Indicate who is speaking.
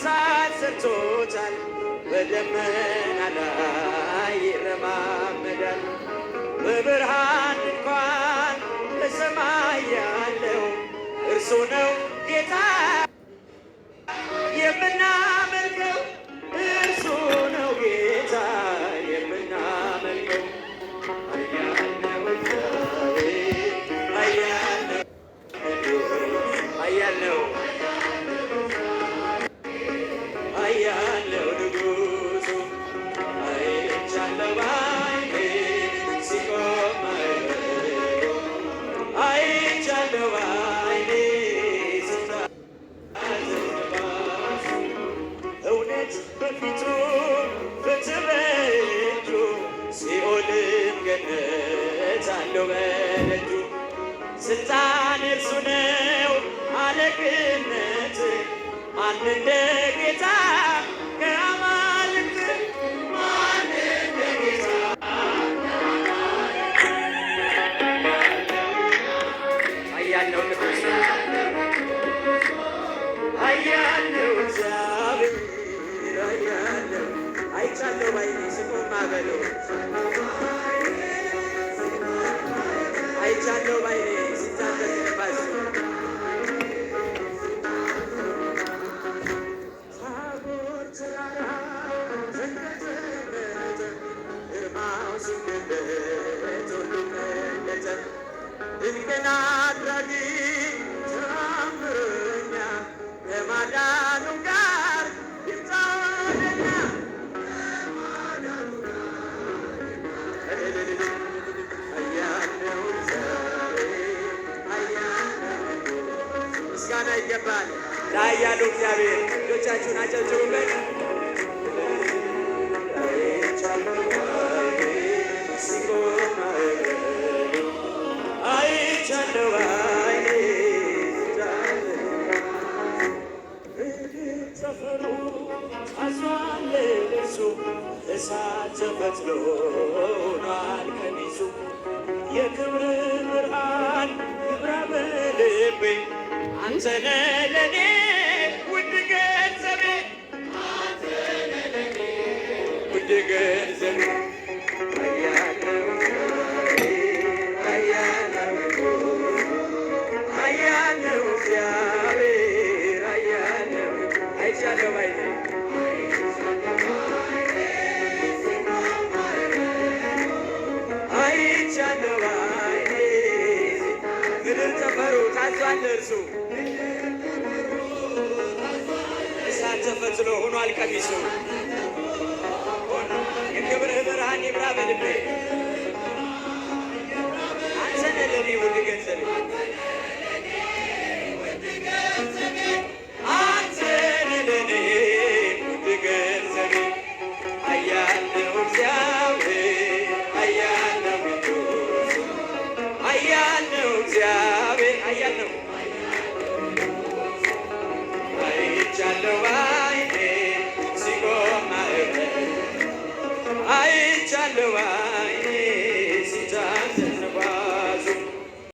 Speaker 1: እሳት ሰርቶታል። በደመና ላይ ይረማመዳል። በብርሃን እንኳን በሰማይ ያለው እርሱ ነው። ሞት በፊቱ በትበእጁ ሲኦልም ገነት አለው በደጁ ስልጣን እርሱ ነው አለቅነት ማን እንደ ጌታ በለው ባይኔ ስቆማ በለው አይቻለው ባይኔ ሲታተት ታቦር ተራራ ግርማው ሲገለጥ ሁሉ ምስጋና ይገባል። ላይ ያለው እግዚአብሔር ልጆቻችሁን አጨብጭቡበት። እሳት ተፈትሎናል ከሚሱ የክብር እርሱ ተፈትሎ ሆኗል ቀሚሱ የክብርህ ብርሃን ይብራ በልቤ